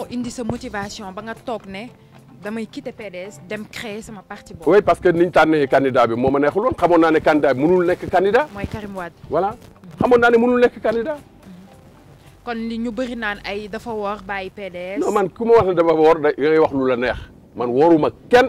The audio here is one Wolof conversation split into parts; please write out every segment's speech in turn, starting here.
moo indi sa motivation ba nga toog ne damay quitter PDS dem créer sama parti boobu. parce que niñ tànnee candidat bi moo ma neexul woon xamoon naa ne candidat bi mënul nekk candidat. mooy Karim Wade. voilà xamoon naa ne mënul nekk candidat. Mm-hmm. kon li ñu bëri naan ay dafa woor bàyyi PDS. man ku ma wax ne dafa woor da wax lu la neex man wooruma kenn.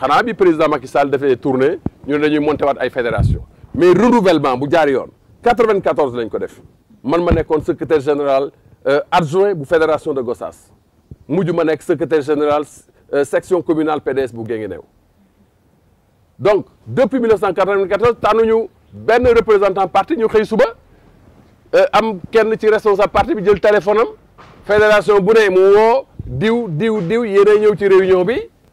Le président Macky Sall fait tourner, nous avons monté à la fédération mais renouvellement bu jaar 94 lañ ko def man secrétaire général euh, adjoint la fédération de Gossas Je ma le secrétaire général euh, section communale PDS pour donc depuis 1994 avons un représentant parti nous avons suba euh, am kenn ci responsable parti bi jël téléphone am fédération bu la mu woo diw diw diw réunion bi.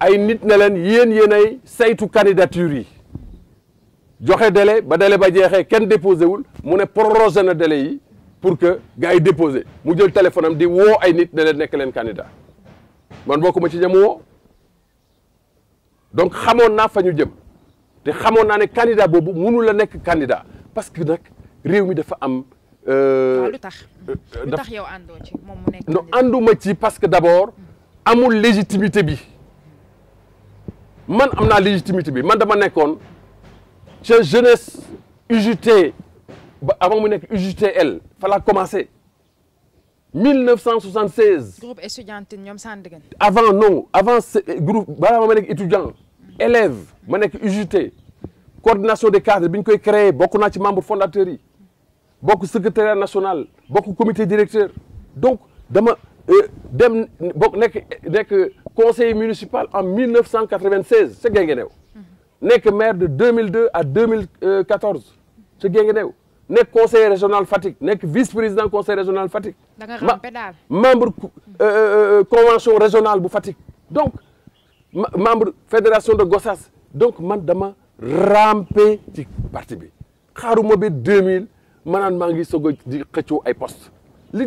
ay nit ne leen yéen yéenay saytu candidature yi joxe délai ba délai ba jeexee ken déposé wul mu ne prorogé na délai yi pour que gars yi mu jël téléphone am di wo ay nit ne leen nekk leen candidat man bokuma ci ñam woo donc xamoon naa fa jëm te xamoon ne candidat bobu mënu la nek candidat parce que nak réew mi dafa am. Euh, lu tax euh, lu tax yow ando ci mom mu nek non anduma ci parce que d'abord amul légitimité bi man suis légitimité bi man dama nekkoon ca jeunesse UJT avant mu nek UJTL il fallait commencer. 1976. groupe étudiant Avant Sandaga. avant non avant eh, groupe balaa ma étudiant élève je suis UJT coordination des cadres je koy créé beaucoup naa ci membre fondateurs yi bokku secrétaire national suis comité directeur donc dama. Euh, dem bokk conseiller municipal en 1996 c'est ca Guinguinéo mhm. nek maire de 2002 à 2014 c'est Guinguinéo nek conseiller régional Fatik nek vice président conseil régional Fatik da membre euh, membre euh, euh, convention régionale bu Fatik donc membre fédération de Gossas donc man dama rampé ci parti bi xaru ba 2000 manan mangi maa di à ay poste li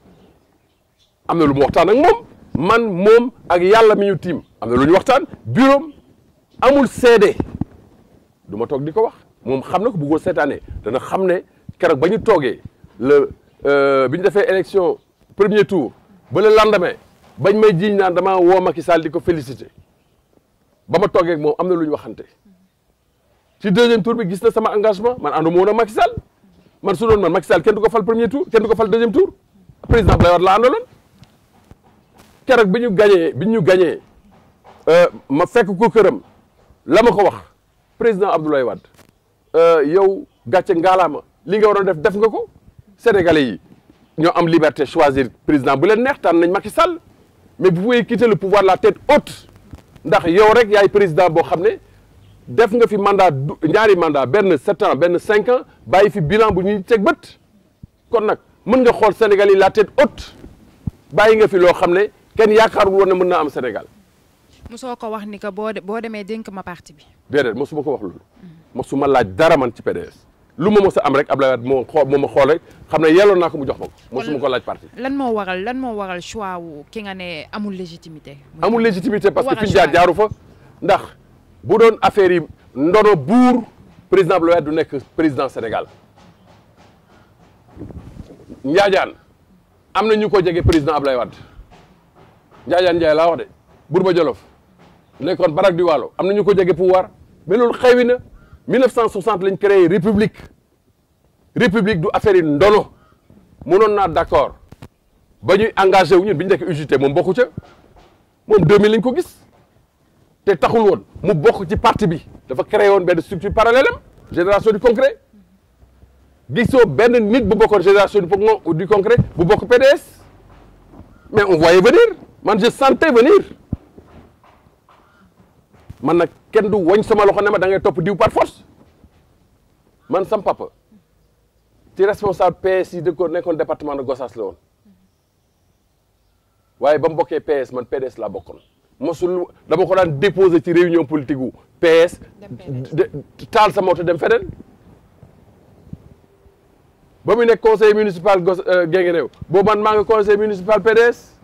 amna na lu mu ak mom man mom ak yalla miñu tim amna am na lu ñu waxtaan bureau amul cédé duma tok diko wax mom xamna ko bëggoo seetaanee dana xamné kérok bañu togué le euh biñu défé élection premier tour ba le lendemain bañ may jiiñ naan dama wo Macky Sall diko ko félicité ba ma ak mom amna luñu waxanté ci deuxième tour bi gis na sama engagement man ànduma woon ak Macky Sall man su doon man Macky Sall kenn du ko fal premier tour kenn du ko fal deuxième tour président Abdoulaye Wade laa àndaloon Carak biñu gagné biñu gagné euh ma fekk ko këram la ko wax président Abdoulaye euh yow gatché ngalama li nga waroon def def nga ko sénégalais yi ño am liberté choisir président bu len neex tànn nañ Macky Sall mais bu pouvez quitter le pouvoir la tête haute ndax yow rek yaay président bo xamné def nga fi mandat ñaari mandat ben sept ans ben cinq ans bàyyi fi bilan bu ñu tek bëtt kon nak mën nga xol sénégalais la tête haute bàyyi nga fi lo xamné kenn yaakaarul woon ne mën naa am Sénégal. soo ko wax ni que boo boo demee dénk ma parti bi. déedéet suma ko wax loolu. suma laaj dara man ci PDS. lu ma mos a am rek Abdoulaye Wade moo xoo moo ma xool rek xam ne yelloon naa ko mu jox ma ko. mosuma ko laaj parti. lan moo waral lan moo waral choix wu ki nga ne amul légitimité. amul légitimité parce que fi ñu jaar jaaru fa. ndax bu doon affaire yi ndono buur président Abdoulaye Wade du nekk président Sénégal. Njaajaan am na ñu jege président Abdoulaye Wade. Njaajaan Njaay la wax de Bourba Jolof nekkoon barak du Waalo am ñu ko jégué pouvoir mais loolu xewi na 1960 lañ créé république république du affaire ndolo mënon na d'accord bañuy engagé wu ñun biñu ñu nekk mom bokku ca mom 2000 lañ ko gis té taxul won mu bokku ci parti bi dafa créé won benn structure parallèle génération du concret gisoo benn nit bu bokkoon génération du concret bu bokk PDS mais on voyait venir man je sentais venir man nag kenn du wañ sama loxo ne ma da ngay topp diw par force man sam papa ci responsable PS yi dëkkoon nekkoon département de Gossas la woon waaye ba mu PS man PDS laa bokkoon mosul dama ko daan déposé ci réunion politique wu PS taal sa moto dem feneen ba conseil municipal Goss euh, Guinguinéo boobu man maa ngi conseil municipal PS.